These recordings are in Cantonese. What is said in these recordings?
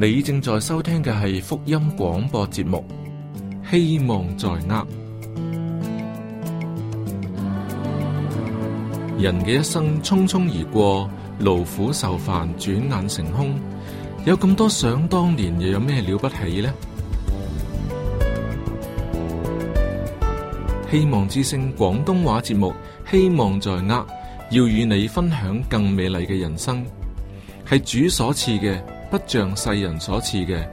你正在收聽嘅係福音廣播節目，希望在握。人嘅一生匆匆而過，勞苦受煩，轉眼成空。有咁多想當年，又有咩了不起呢？希望之聲廣東話節目，希望在握，要與你分享更美麗嘅人生，係主所賜嘅。不像世人所賜嘅，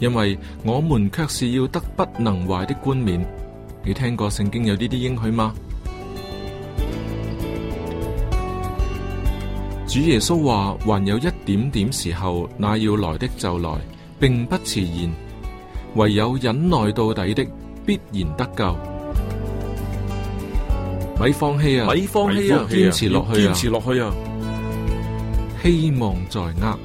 因為我們卻是要得不能壞的冠冕。你聽過聖經有呢啲應許嗎？ 主耶穌話：還有一點點時候，那要來的就來，並不遲延。唯有忍耐到底的，必然得救。咪放棄啊！咪放棄啊！堅持落去啊！堅持落去啊！希望在握。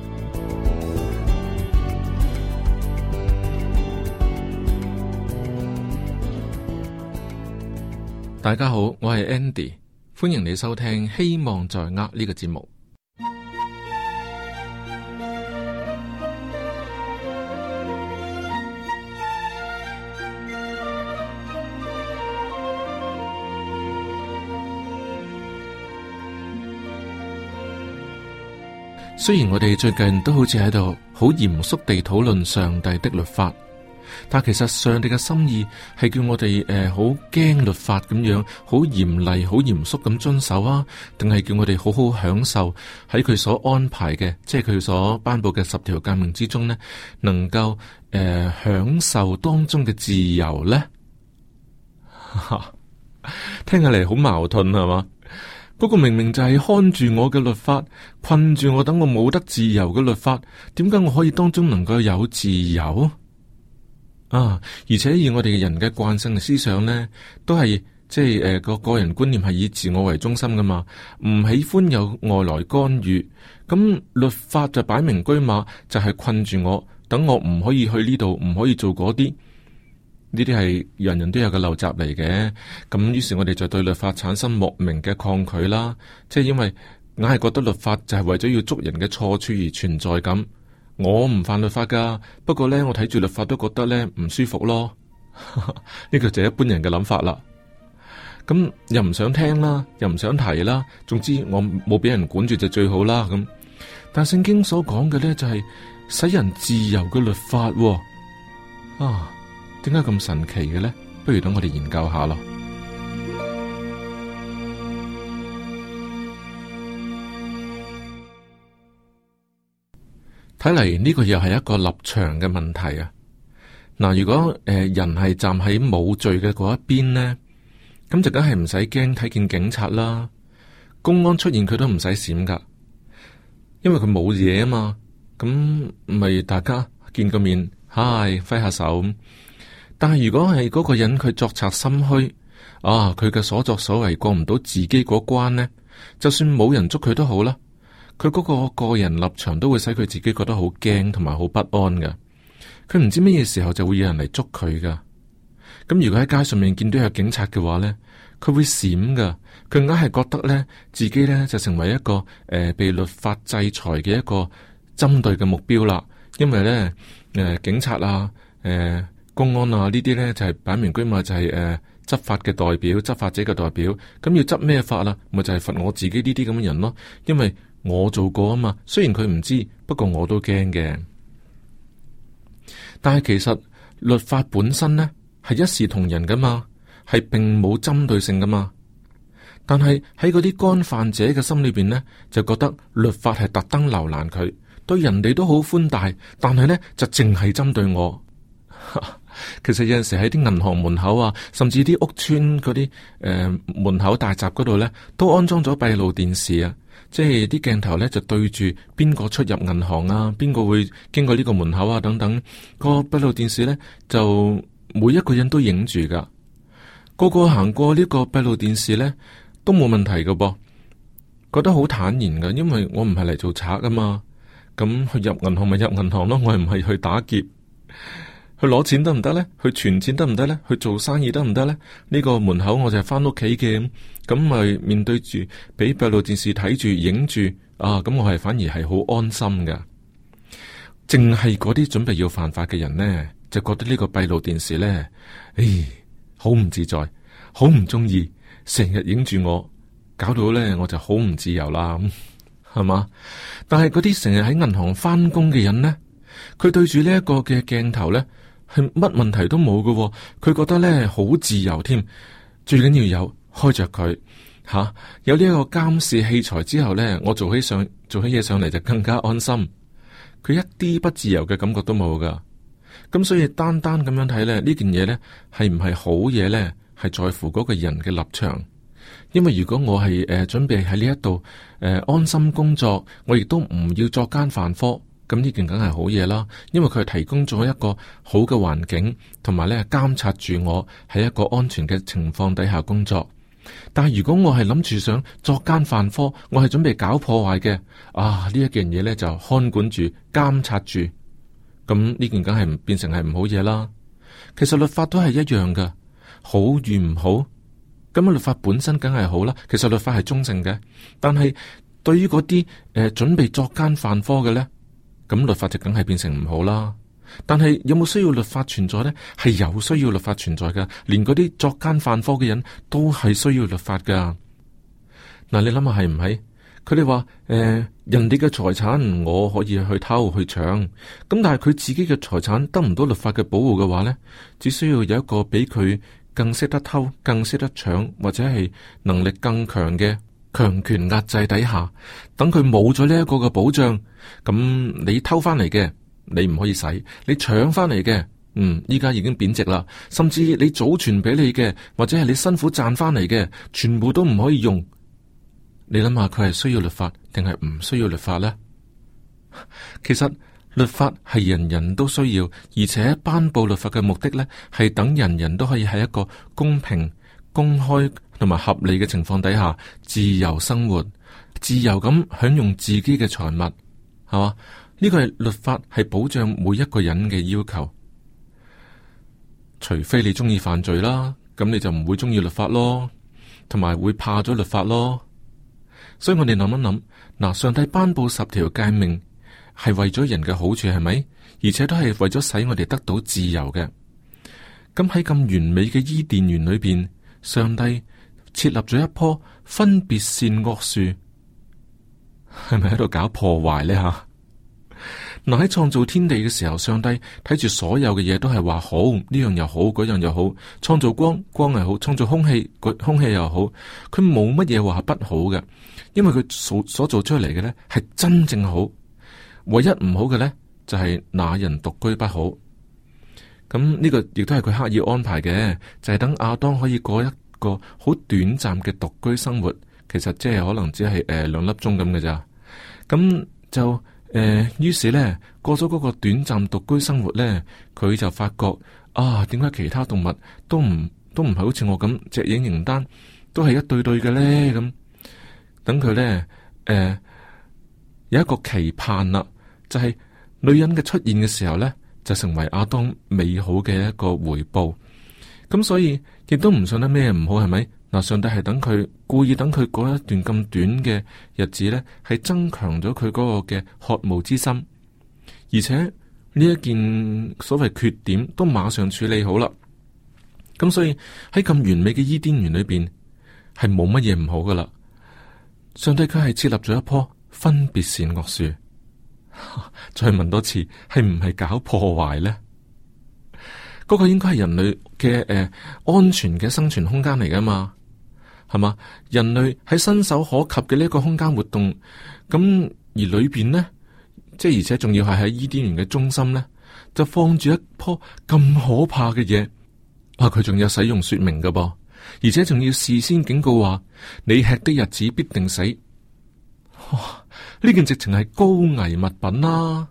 大家好，我係 Andy，歡迎你收聽《希望在握》呢個節目。雖然我哋最近都好似喺度好嚴肅地討論上帝的律法。但其實上帝嘅心意係叫我哋誒，好、呃、驚律法咁樣，好嚴厲、好嚴肅咁遵守啊？定係叫我哋好好享受喺佢所安排嘅，即係佢所頒布嘅十條誡命之中呢，能夠誒、呃、享受當中嘅自由咧？ 聽起嚟好矛盾係嘛？不過、嗰個、明明就係看住我嘅律法困住我，等我冇得自由嘅律法，點解我可以當中能夠有自由？啊！而且以我哋嘅人嘅慣性思想呢，都係即係個、呃、個人觀念係以自我為中心噶嘛，唔喜歡有外來干預。咁律法就擺明車馬，就係困住我，等我唔可以去呢度，唔可以做嗰啲。呢啲係人人都有嘅陋習嚟嘅。咁於是我哋就對律法產生莫名嘅抗拒啦。即係因為硬係覺得律法就係為咗要捉人嘅錯處而存在咁。我唔犯律法噶，不過咧，我睇住律法都覺得咧唔舒服咯，呢 個就一般人嘅諗法啦。咁又唔想聽啦，又唔想提啦，總之我冇俾人管住就最好啦。咁但係聖經所講嘅咧就係使人自由嘅律法啊，點解咁神奇嘅咧？不如等我哋研究下咯。睇嚟呢個又係一個立場嘅問題啊！嗱，如果誒、呃、人係站喺冇罪嘅嗰一邊咧，咁就梗係唔使驚睇見警察啦，公安出現佢都唔使閃噶，因為佢冇嘢啊嘛，咁咪大家見個面，嗨、哎，揮下手。但係如果係嗰個人佢作賊心虛，啊，佢嘅所作所為過唔到自己嗰關咧，就算冇人捉佢都好啦。佢嗰個個人立場都會使佢自己覺得好驚同埋好不安噶，佢唔知乜嘢時候就會有人嚟捉佢噶。咁如果喺街上面見到有警察嘅話呢，佢會閃噶。佢硬係覺得呢，自己呢就成為一個誒、呃、被律法制裁嘅一個針對嘅目標啦。因為呢，誒、呃、警察啊誒、呃、公安啊呢啲呢，就係擺明車馬就係誒執法嘅代表、執法者嘅代表。咁要執咩法啦？咪就係、是、罰我自己呢啲咁嘅人咯。因為我做過啊嘛，雖然佢唔知，不過我都驚嘅。但係其實律法本身呢，係一視同仁噶嘛，係並冇針對性噶嘛。但係喺嗰啲干犯者嘅心裏邊呢，就覺得律法係特登留難佢，對人哋都好寬大，但係呢，就淨係針對我。 其實有陣時喺啲銀行門口啊，甚至啲屋村嗰啲誒門口大閘嗰度呢，都安裝咗閉路電視啊。即係啲鏡頭咧就對住邊個出入銀行啊，邊個會經過呢個門口啊等等，個閉路電視咧就每一個人都影住噶個個行過呢個閉路電視咧都冇問題噶噃，覺得好坦然噶，因為我唔係嚟做賊噶嘛，咁去入銀行咪入銀行咯，我唔係去打劫。去攞錢得唔得咧？去存錢得唔得咧？去做生意得唔得咧？呢個門口我就係翻屋企嘅，咁咪面對住俾閉路電視睇住影住，啊咁我係反而係好安心噶。淨係嗰啲準備要犯法嘅人呢，就覺得呢個閉路電視呢，唉，好唔自在，好唔中意，成日影住我，搞到呢，我就好唔自由啦，係 嘛？但係嗰啲成日喺銀行翻工嘅人呢，佢對住呢一個嘅鏡頭呢。係乜問題都冇噶。哦，佢覺得咧好自由添，最緊要有開着佢吓，有呢一個監視器材之後咧，我做起上做起嘢上嚟就更加安心。佢一啲不自由嘅感覺都冇噶，咁所以單單咁樣睇咧，呢件嘢咧係唔係好嘢咧，係在乎嗰個人嘅立場。因為如果我係誒、呃、準備喺呢一度誒安心工作，我亦都唔要作奸犯科。咁呢件梗係好嘢啦，因為佢係提供咗一個好嘅環境，同埋咧監察住我喺一個安全嘅情況底下工作。但係如果我係諗住想作奸犯科，我係準備搞破壞嘅啊，呢一件嘢咧就看管住監察住。咁呢件梗係唔變成係唔好嘢啦。其實律法都係一樣噶，好與唔好咁啊。律法本身梗係好啦，其實律法係中性嘅，但係對於嗰啲誒準備作奸犯科嘅咧。咁律法就梗係變成唔好啦。但係有冇需要律法存在呢？係有需要律法存在噶。連嗰啲作奸犯科嘅人都係需要律法噶。嗱，你諗下係唔係？佢哋話誒，人哋嘅財產我可以去偷去搶，咁但係佢自己嘅財產得唔到律法嘅保護嘅話呢，只需要有一個比佢更識得偷、更識得搶或者係能力更強嘅。強權壓制底下，等佢冇咗呢一個嘅保障，咁你偷翻嚟嘅，你唔可以使；你搶翻嚟嘅，嗯，依家已經貶值啦。甚至你祖傳俾你嘅，或者係你辛苦賺翻嚟嘅，全部都唔可以用。你諗下，佢係需要律法定係唔需要律法呢？其實律法係人人都需要，而且頒布律法嘅目的呢，係等人人都可以喺一個公平。公開同埋合理嘅情況底下，自由生活，自由咁享用自己嘅財物，係嘛？呢個係律法係保障每一個人嘅要求。除非你中意犯罪啦，咁你就唔會中意律法咯，同埋會怕咗律法咯。所以我哋諗一諗嗱，上帝頒布十條誡命係為咗人嘅好處，係咪？而且都係為咗使我哋得到自由嘅。咁喺咁完美嘅伊甸園裏邊。上帝設立咗一棵分別善惡樹，係咪喺度搞破壞呢？吓！嗱，喺創造天地嘅時候，上帝睇住所有嘅嘢都係話好，呢樣又好，嗰樣又好。創造光，光係好；創造空氣，空氣又好。佢冇乜嘢話係不好嘅，因為佢所所做出嚟嘅呢，係真正好。唯一唔好嘅呢，就係那人獨居不好。咁呢個亦都係佢刻意安排嘅，就係等亞當可以過一個好短暫嘅獨居生活，其實即係可能只係誒、呃、兩粒鐘咁嘅咋，咁就誒、呃、於是呢，過咗嗰個短暫獨居生活呢，佢就發覺啊，點解其他動物都唔都唔係好似我咁隻影形單，都係一對對嘅呢？嗯。咁，等佢呢，誒、呃、有一個期盼啦，就係、是、女人嘅出現嘅時候呢。就成為亞當美好嘅一個回報，咁所以亦都唔信得咩唔好係咪？嗱，上帝係等佢故意等佢嗰一段咁短嘅日子咧，係增強咗佢嗰個嘅渴慕之心，而且呢一件所謂缺點都馬上處理好啦。咁所以喺咁完美嘅伊甸園裏邊係冇乜嘢唔好噶啦，上帝佢係設立咗一棵分別善惡樹。去問多次，係唔係搞破壞咧？嗰、那個應該係人類嘅誒、呃、安全嘅生存空間嚟噶嘛？係嘛？人類喺伸手可及嘅呢一個空間活動，咁而裏邊呢，即係而且仲要係喺伊甸園嘅中心呢，就放住一棵咁可怕嘅嘢。啊，佢仲有使用說明噶噃，而且仲要事先警告話：你吃的日子必定死。哇！呢件直情係高危物品啦～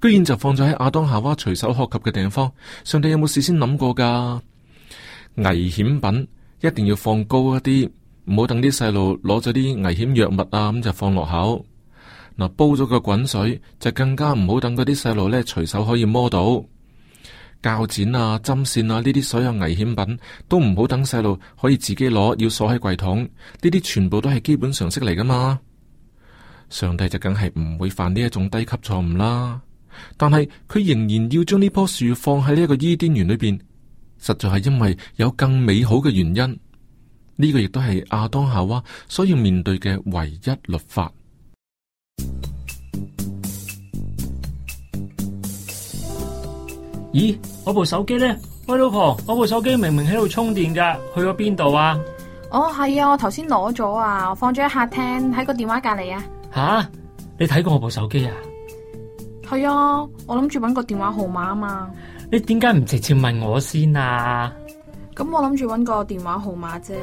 居然就放咗喺亞當夏娃隨手可及嘅地方，上帝有冇事先諗過噶？危險品一定要放高一啲，唔好等啲細路攞咗啲危險藥物啊，咁就放落口。嗱、啊，煲咗個滾水就更加唔好等嗰啲細路呢，隨手可以摸到。鉸剪啊、針線啊呢啲所有危險品都唔好等細路可以自己攞，要鎖喺櫃桶。呢啲全部都係基本常識嚟噶嘛。上帝就梗係唔會犯呢一種低級錯誤啦。但係佢仍然要將呢棵樹放喺呢一個伊甸園裏邊，實在係因為有更美好嘅原因。呢個亦都係亞當夏娃所要面對嘅唯一律法。咦？我部手機咧？喂，老婆，我部手機明明喺度充電噶去咗邊度啊？哦，係啊，我頭先攞咗啊，我放咗喺客廳喺個電話隔籬啊。吓？你睇過我部手機啊？係啊，我諗住揾個電話號碼啊嘛。你點解唔直接問我先啊？咁我諗住揾個電話號碼啫。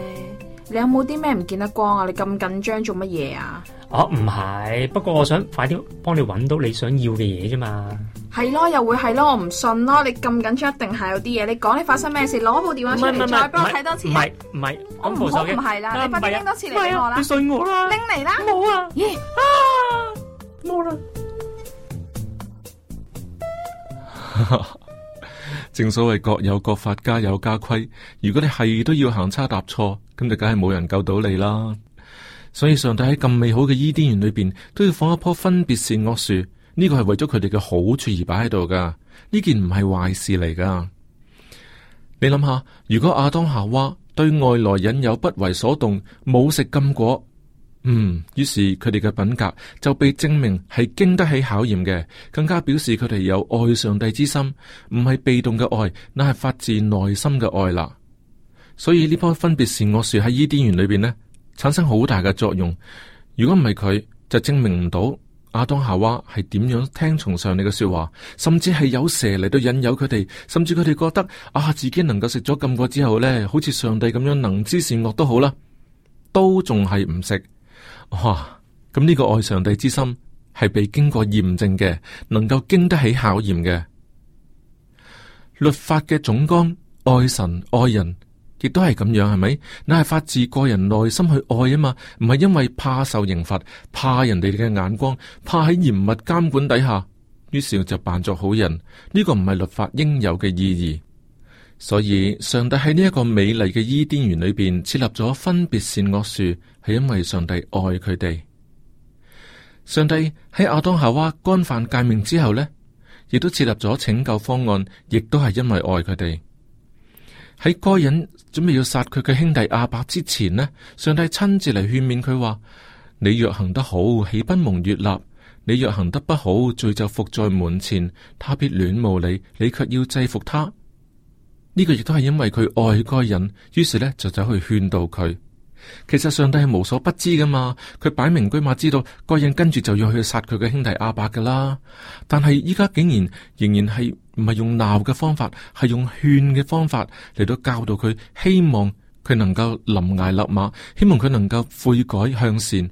你有冇啲咩唔見得光啊？你咁緊張做乜嘢啊？哦，唔係，不過我想快啲幫你揾到你想要嘅嘢啫嘛。係咯，又會係咯，我唔信咯。你咁緊張，一定係有啲嘢。你講你發生咩事？攞部電話出嚟再幫我睇多次。唔係唔係，我唔好唔係啦，你快啲拎多次嚟俾我啦。你信我啦，拎嚟啦。冇啊，咦啊，冇啦。 正所謂各有各法，家有家規。如果你係都要行差踏錯，咁就梗係冇人救到你啦。所以上帝喺咁美好嘅伊甸園裏邊，都要放一棵分別善惡樹。呢個係為咗佢哋嘅好處而擺喺度噶。呢件唔係壞事嚟噶。你諗下，如果亞當夏娃對外來引誘不為所動，冇食禁果。嗯，於是佢哋嘅品格就被證明係經得起考驗嘅，更加表示佢哋有愛上帝之心，唔係被動嘅愛，那係發自內心嘅愛啦。所以呢棵分別善惡樹喺伊甸園裏邊呢，產生好大嘅作用。如果唔係佢，就證明唔到亞當夏娃係點樣聽從上帝嘅說話，甚至係有蛇嚟到引誘佢哋，甚至佢哋覺得啊，自己能夠食咗禁果之後呢，好似上帝咁樣能知善惡都好啦，都仲係唔食。哇！咁呢、哦這個愛上帝之心係被經過驗證嘅，能夠經得起考驗嘅律法，嘅總綱，愛神愛人亦都係咁樣，係咪？你係發自個人內心去愛啊嘛？唔係因為怕受刑罰，怕人哋嘅眼光，怕喺嚴密監管底下，於是就扮作好人。呢、這個唔係律法應有嘅意義。所以上帝喺呢一個美麗嘅伊甸園裏邊設立咗分別善惡樹，係因為上帝愛佢哋。上帝喺亞當夏娃干犯誡命之後呢，亦都設立咗拯救方案，亦都係因為愛佢哋。喺該隱準備要殺佢嘅兄弟亞伯之前呢，上帝親自嚟勸勉佢話：你若行得好，豈不蒙悅納；你若行得不好，罪就伏在門前，他必戀慕你，你卻要制服他。呢個亦都係因為佢愛嗰人，於是呢就走去勸導佢。其實上帝係無所不知噶嘛，佢擺明居馬知道，嗰人，跟住就要去殺佢嘅兄弟亞伯噶啦。但係依家竟然仍然係唔係用鬧嘅方法，係用勸嘅方法嚟到教導佢，希望佢能夠臨崖勒馬，希望佢能夠悔改向善。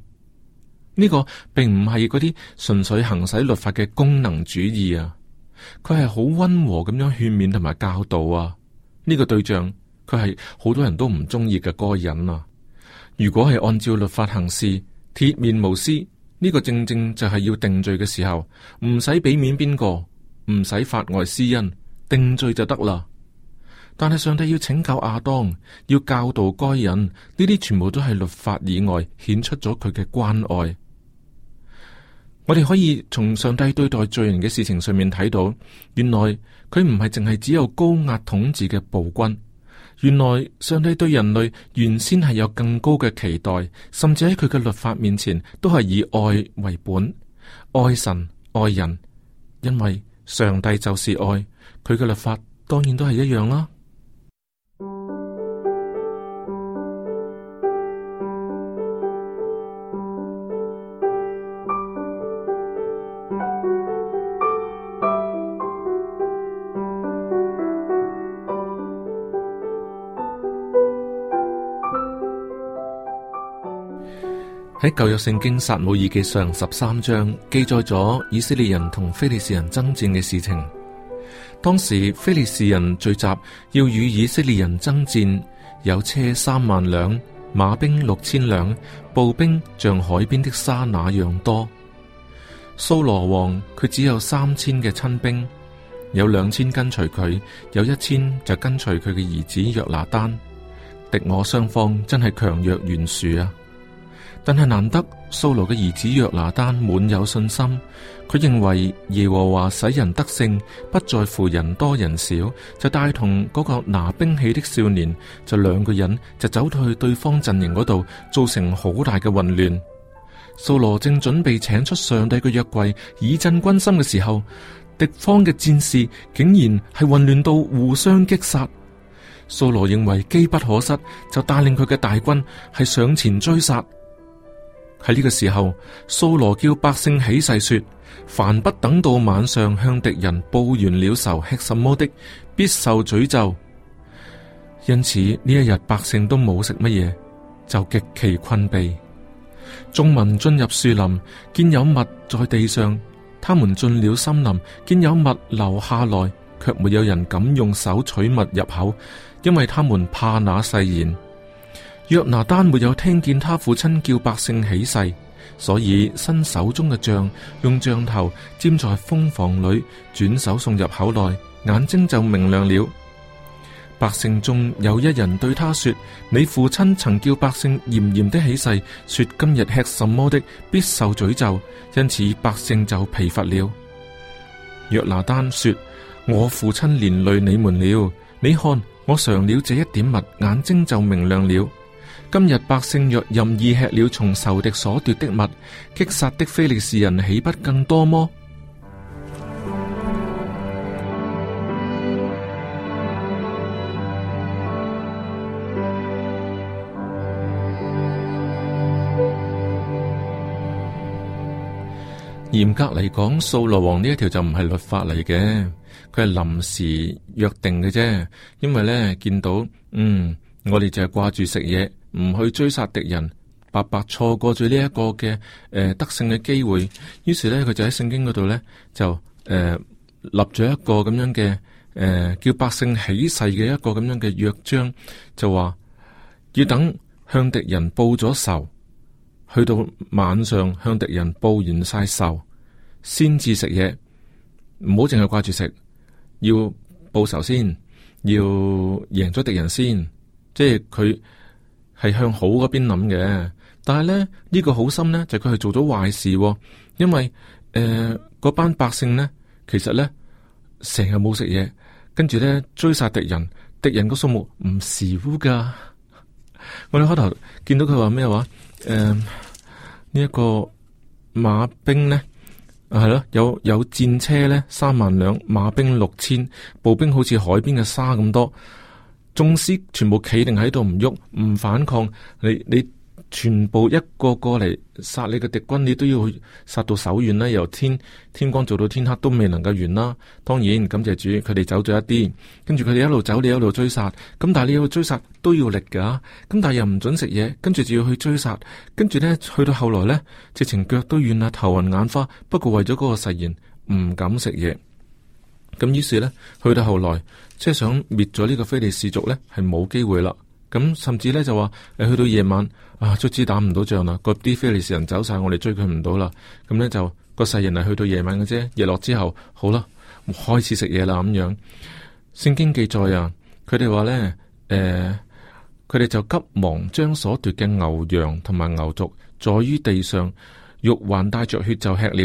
呢個並唔係嗰啲純粹行使律法嘅功能主義啊，佢係好溫和咁樣勸勉同埋教導啊。呢個對象佢係好多人都唔中意嘅該人啊！如果係按照律法行事，鐵面無私，呢個正正就係要定罪嘅時候，唔使俾面邊個，唔使法外施恩，定罪就得啦。但係上帝要拯救亞當，要教導該人，呢啲全部都係律法以外顯出咗佢嘅關愛。我哋可以從上帝對待罪人嘅事情上面睇到，原來佢唔係淨係只有高壓統治嘅暴君。原來上帝對人類原先係有更高嘅期待，甚至喺佢嘅律法面前都係以愛為本，愛神愛人，因為上帝就是愛，佢嘅律法當然都係一樣啦。喺舊約聖經撒母耳記上十三章記載咗以色列人同非利士人爭戰嘅事情。當時非利士人聚集要與以色列人爭戰，有車三萬輛，馬兵六千兩，步兵像海邊的沙那樣多。掃羅王佢只有三千嘅親兵，有兩千跟隨佢，有一千就跟隨佢嘅兒子約拿單。敵我雙方真係強弱懸殊啊！但係難得，掃羅嘅兒子約拿單滿有信心，佢認為耶和華使人得勝，不在乎人多人少，就帶同嗰個拿兵器的少年，就兩個人就走咗去對，對方陣營嗰度，造成好大嘅混亂。掃羅正準備請出上帝嘅約櫃以振軍心嘅時候，敵方嘅戰士竟然係混亂到互相擊殺。掃羅認為機不可失，就帶領佢嘅大軍係上前追殺。喺呢個時候，掃羅叫百姓起誓說：凡不等到晚上向敵人報完了仇，吃什麼的，必受詛咒。因此呢一日，百姓都冇食乜嘢，就極其困憊。眾民進入樹林，見有物在地上；他們進了森林，見有物流下來，却沒有人敢用手取物入口，因為他們怕那誓言。約拿單沒有聽見他父親叫百姓起誓，所以伸手中嘅杖，用杖頭沾在蜂房裏，轉手送入口內，眼睛就明亮了。百姓中有一人對他說：你父親曾叫百姓嚴嚴的起誓，說今日吃什麼的必受詛咒，因此百姓就疲乏了。約拿單說：我父親連累你們了，你看我嘗了這一點蜜，眼睛就明亮了。今日百姓若任意吃了從仇敵所奪的物，擊殺的非利士人豈不更多麼？嚴 格嚟講，掃羅王呢一條就唔係律法嚟嘅，佢係臨時約定嘅啫。因為呢，見到，嗯，我哋就係掛住食嘢。唔去追殺敵人，白白錯過咗、呃、呢，呢、呃、一個嘅誒得勝嘅機會。於是咧，佢就喺聖經嗰度咧就誒立咗一個咁樣嘅誒叫百姓起誓嘅一個咁樣嘅約章，就話要等向敵人報咗仇，去到晚上向敵人報完晒仇，先至食嘢。唔好淨係掛住食，要報仇先，要贏咗敵人先，即係佢。係向好嗰邊諗嘅，但係咧呢，這個好心咧，就佢，是，係做咗壞事，哦，因為誒嗰，呃、班百姓咧，其實咧成日冇食嘢，跟住咧追殺敵人，敵人嘅數目唔少噶。我哋開頭見到佢話咩話？誒呢一個馬兵咧，係咯有有戰車咧三萬兩，馬兵六千，步兵好似海邊嘅沙咁多。眾師全部企定喺度唔喐，唔反抗，你你全部一個個嚟殺你嘅敵軍，你都要去殺到手軟啦。由天天光做到天黑都未能夠完啦。當然感謝主，佢哋走咗一啲，跟住佢哋一路走，你一路追殺。咁但係你一路追殺都要力噶，咁但係又唔准食嘢，跟住就要去追殺。跟住呢，去到後來呢，直情腳都軟啦，頭暈眼花。不過為咗嗰個誓言，唔敢食嘢。咁於是呢，去到後來。即係想滅咗呢個非利士族呢，係冇機會啦。咁、嗯、甚至呢，就話誒，去到夜晚啊，卒之打唔到仗啦。個啲非利士人走晒，我哋追佢唔到啦。咁、嗯、呢，就個世人係去到夜晚嘅啫。日落之後，好啦，開始食嘢啦。咁樣聖經記載啊，佢哋話呢，誒、呃，佢哋就急忙將所奪嘅牛羊同埋牛族載於地上，肉還帶着血就吃了。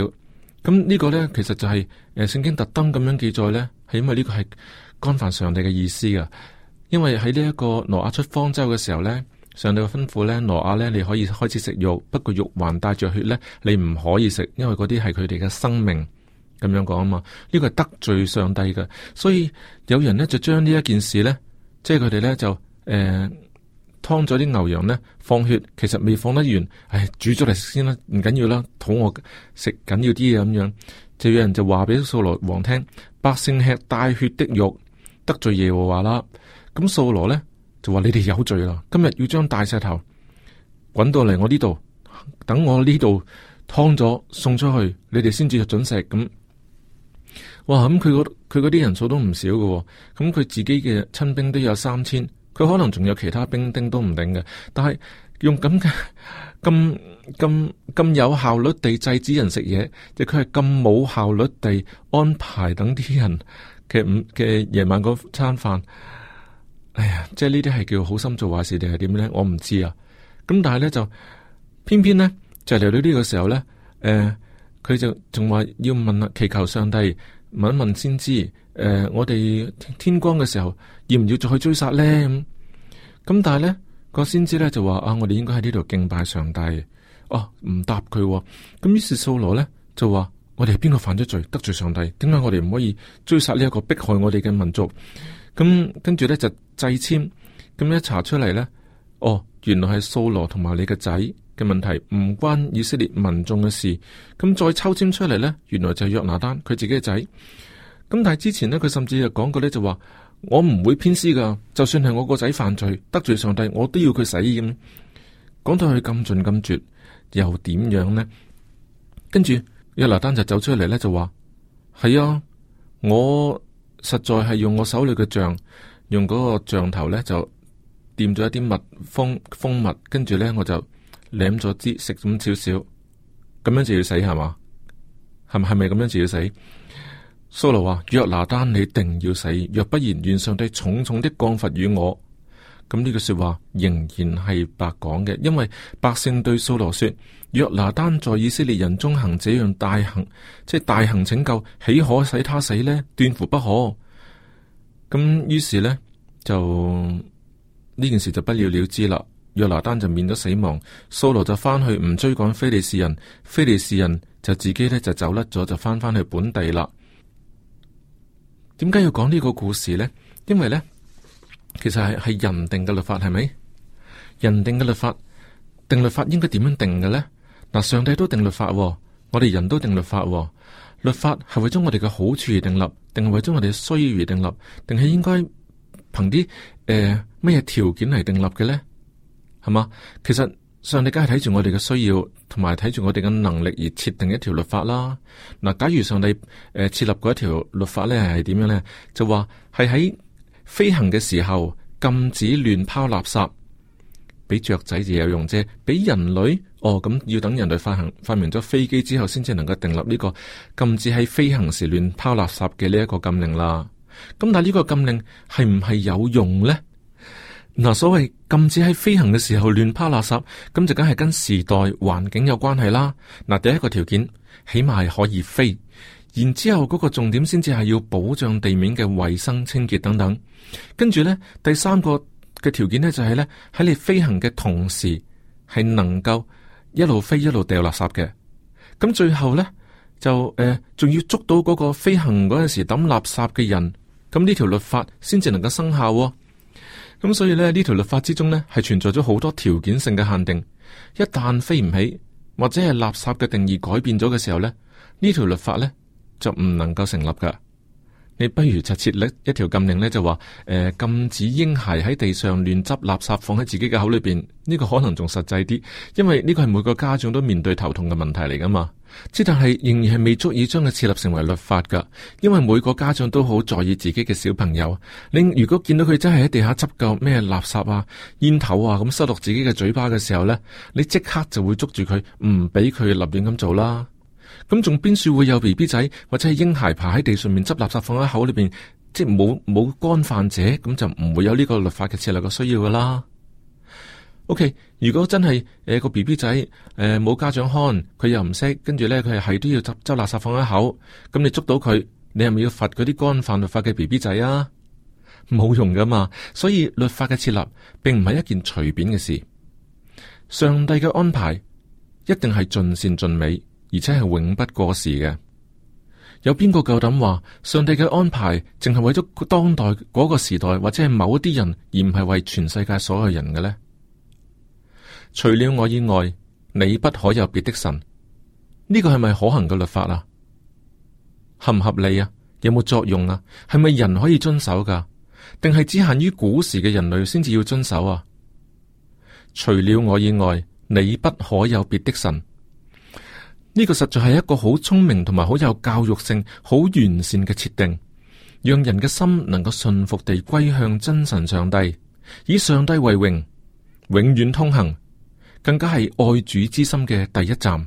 咁、嗯、呢、這個呢，其實就係、是、誒、呃，聖經特登咁樣記載呢，係因為呢個係。干犯上帝嘅意思噶，因為喺呢一個挪亞出方舟嘅時候呢，上帝嘅吩咐呢，挪亞呢你可以開始食肉，不過肉還帶著血呢，你唔可以食，因為嗰啲係佢哋嘅生命咁樣講啊嘛。呢個係得罪上帝嘅，所以有人呢就將呢一件事呢，即係佢哋呢就誒劏咗啲牛羊呢，放血，其實未放得完，唉煮咗嚟先啦，唔緊要啦，肚餓食緊要啲嘢咁樣。就有人就話俾掃羅王聽，百姓吃帶血的肉。得罪耶和華啦，咁掃羅咧就話你哋有罪啦，今日要將大石頭滾到嚟我呢度，等我呢度湯咗送出去，你哋先至准食。咁，哇咁佢佢嗰啲人數都唔少嘅喎，咁佢自己嘅親兵都有三千，佢可能仲有其他兵丁都唔定嘅，但係用咁嘅咁咁咁有效率地制止人食嘢，就佢係咁冇效率地安排等啲人嘅五嘅夜晚嗰餐飯，哎呀，即係呢啲係叫好心做壞事定係點咧？我唔知啊。咁但係咧就，偏偏咧就嚟到呢個時候咧，誒、呃，佢就仲話要問祈求上帝問一問先知，誒、呃，我哋天光嘅時候要唔要再去追殺咧？咁、嗯、咁但係咧個先知咧就話啊，我哋應該喺呢度敬拜上帝。啊、哦，唔答佢。咁於是掃羅咧就話。我哋係邊個犯咗罪得罪上帝？點解我哋唔可以追殺呢一個迫害我哋嘅民族？咁跟住咧就祭籤，咁一查出嚟咧，哦，原來係掃羅同埋你嘅仔嘅問題，唔關以色列民眾嘅事。咁再抽籤出嚟咧，原來就約拿單，佢自己嘅仔。咁但係之前咧，佢甚至又講過咧，就話我唔會偏私噶，就算係我個仔犯罪得罪上帝，我都要佢死。咁講到佢咁盡咁絕，又點樣呢？跟住。.約拿丹就走出嚟咧，就話：係啊，我實在係用我手裏嘅像，用嗰個像頭咧就掂咗一啲蜜蜂蜂蜜，跟住咧我就舐咗支食咁少少，咁樣就要死係嘛？係咪係咪咁樣就要死？蘇羅話：約拿丹，你一定要死，若不然，願上帝重重的降罰與我。咁呢句說話仍然係白講嘅，因為百姓對掃羅說：約拿單在以色列人中行這樣大行，即係大行拯救，豈可使他死呢？斷乎不可。咁於是呢，就呢件事就不了了之啦。約拿單就免咗死亡，掃羅就翻去唔追趕非利士人，非利士人就自己呢，就走甩咗，就翻翻去本地啦。點解要講呢個故事呢？因為呢……其實係係人定嘅律法係咪？人定嘅律法，定律法應該點樣定嘅咧？嗱，上帝都定律法、哦，我哋人都定律法、哦。律法係為咗我哋嘅好處而定立，定係為咗我哋嘅需要而定立，定係應該憑啲誒咩嘢條件嚟定立嘅咧？係嘛？其實上帝梗係睇住我哋嘅需要，同埋睇住我哋嘅能力而設定一條律法啦。嗱、呃，假如上帝誒、呃、設立嗰一條律法咧係點樣咧？就話係喺。飛行嘅時候禁止亂拋垃圾，俾雀仔就有用啫，俾人類哦，咁要等人類發行，發明咗飛機之後，先至能夠訂立呢個禁止喺飛行時亂拋垃圾嘅呢一個禁令啦。咁但係呢個禁令係唔係有用呢？嗱，所謂禁止喺飛行嘅時候亂拋垃圾，咁就梗係跟時代環境有關係啦。嗱，第一個條件起碼係可以飛。然之後嗰個重點先至係要保障地面嘅衛生清潔等等，跟住呢，第三個嘅條件呢就係、是、呢：喺你飛行嘅同時係能夠一路飛一路掉垃圾嘅。咁最後呢，就誒仲、呃、要捉到嗰個飛行嗰陣時抌垃圾嘅人。咁呢條律法先至能夠生效、哦。咁所以呢，呢條律法之中呢係存在咗好多條件性嘅限定。一旦飛唔起或者係垃圾嘅定義改變咗嘅時候呢，呢條律法呢。就唔能夠成立噶，你不如就設立一條禁令呢，就話誒、呃、禁止嬰孩喺地上亂執垃圾放喺自己嘅口裏邊，呢個可能仲實際啲，因為呢個係每個家長都面對頭痛嘅問題嚟噶嘛。之但係仍然係未足以將佢設立成為律法噶，因為每個家長都好在意自己嘅小朋友。你如果見到佢真係喺地下執夠咩垃圾啊、煙頭啊咁塞落自己嘅嘴巴嘅時候呢，你即刻就會捉住佢，唔俾佢立亂咁做啦。咁仲邊處會有 B B 仔或者係嬰孩爬喺地上面執垃圾放喺口裏邊，即係冇冇干犯者，咁就唔會有呢個律法嘅設立個需要噶啦。OK，如果真係誒、呃那個 B B 仔誒冇、呃、家長看，佢又唔識，跟住咧佢係係都要執執垃圾放喺口，咁你捉到佢，你係咪要罰嗰啲干犯律法嘅 B B 仔啊？冇用噶嘛。所以律法嘅設立並唔係一件隨便嘅事。上帝嘅安排一定係盡善盡美。而且係永不過時嘅，有邊個夠膽話上帝嘅安排淨係為咗當代嗰個時代或者係某一啲人，而唔係為全世界所有人嘅呢？除了我以外，你不可有別的神。呢個係咪可行嘅律法啊？合唔合理啊？有冇作用啊？係咪人可以遵守噶？定係只限於古時嘅人類先至要遵守啊？除了我以外，你不可有別的神。呢個實在係一個好聰明同埋好有教育性，好完善嘅設定，讓人嘅心能夠順服地歸向真神上帝，以上帝為榮，永遠通行。更加係愛主之心嘅第一站，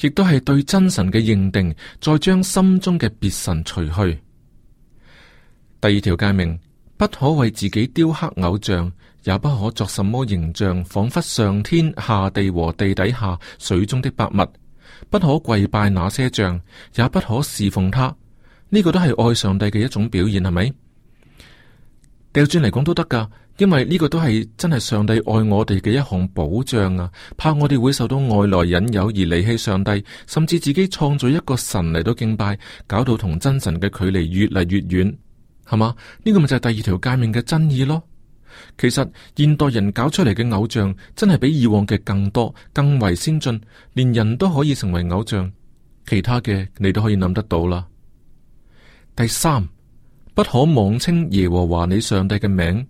亦都係對真神嘅認定，再將心中嘅別神除去。第二條誡命：不可為自己雕刻偶像，也不可作什麼形象，仿佛上天下地和地底下水中的百物。不可跪拜那些像，也不可侍奉他，呢個都係愛上帝嘅一種表現，係咪？調轉嚟講都得噶因為呢個都係真係上帝愛我哋嘅一項保障啊！怕我哋會受到外來引誘而離棄上帝，甚至自己創造一個神嚟到敬拜，搞到同真神嘅距離越嚟越遠，係嘛？呢個咪就係第二條誡命嘅真意咯。其實現代人搞出嚟嘅偶像真係比以往嘅更多，更為先進，連人都可以成為偶像。其他嘅你都可以諗得到啦。第三，不可妄稱耶和華你上帝嘅名，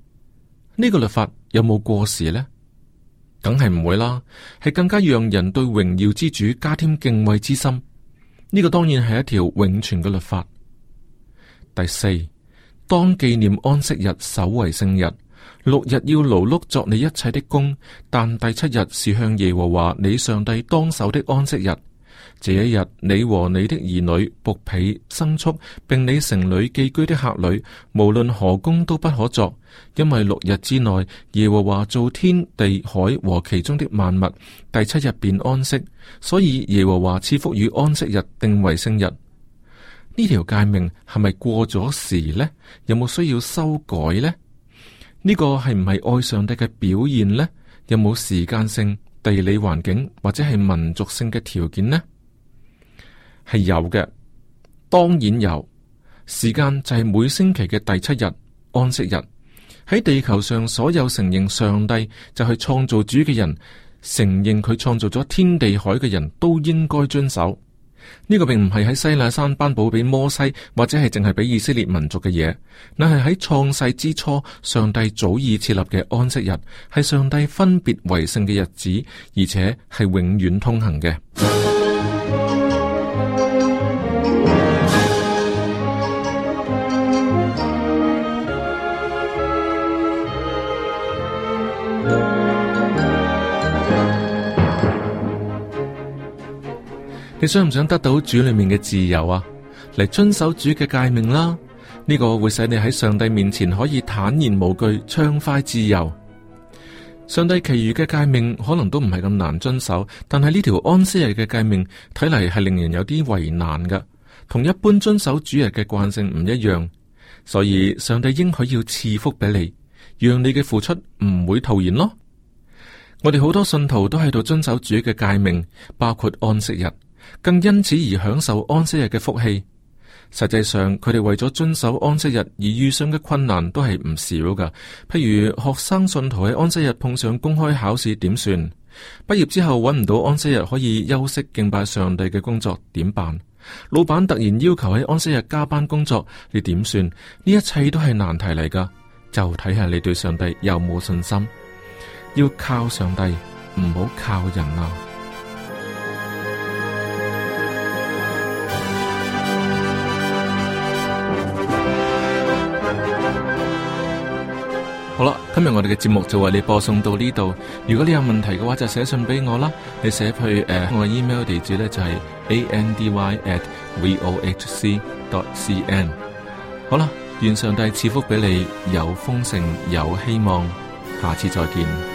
呢個律法有冇過時呢？梗係唔會啦，係更加讓人對榮耀之主加添敬畏之心。呢個當然係一條永存嘅律法。第四，當紀念安息日、守為聖日。六日要勞碌作你一切的工，但第七日是向耶和華你上帝當守的安息日。這一日，你和你的兒女、僕婢、牲畜，並你城裏寄居的客旅，無論何工都不可作，因為六日之內，耶和華造天地海和其中的萬物，第七日便安息。所以耶和華賜福與安息日，定為聖日。呢條誡命係咪過咗時呢？有冇需要修改呢？呢個係唔係愛上帝嘅表現呢？有冇時間性、地理環境或者係民族性嘅條件呢？係有嘅，當然有。時間就係每星期嘅第七日，安息日，喺地球上所有承認上帝就係創造主嘅人，承認佢創造咗天地海嘅人都應該遵守。呢個並唔係喺西奈山頒布俾摩西，或者係淨係俾以色列民族嘅嘢，乃係喺創世之初，上帝早已設立嘅安息日，係上帝分別為聖嘅日子，而且係永遠通行嘅。 你想唔想得到主裏面嘅自由啊？嚟遵守主嘅誡命啦，呢個會使你喺上帝面前可以坦然無懼，暢快自由。上帝其餘嘅誡命可能都唔係咁難遵守，但係呢條安息日嘅誡命睇嚟係令人有啲為難嘅，同一般遵守主日嘅慣性唔一樣，所以上帝應許要賜福俾你，讓你嘅付出唔會徒然咯。我哋好多信徒都喺度遵守主嘅誡命，包括安息日。更因此而享受安息日嘅福氣。實際上，佢哋為咗遵守安息日而遇上嘅困難都係唔少㗎。譬如學生信徒喺安息日碰上公開考試，點算？畢業之後揾唔到安息日可以休息敬拜上帝嘅工作點辦？老闆突然要求喺安息日加班工作，你點算？呢一切都係難題嚟㗎，就睇下你對上帝有冇信心，要靠上帝，唔好靠人啊！好啦，今日我哋嘅節目就為你播送到呢度。如果你有問題嘅話，就寫信俾我啦。你寫去誒、呃、我嘅 email 地址咧就係、是、a n d y at v o h c dot c n。好啦，願上帝賜福俾你有，有豐盛有希望。下次再見。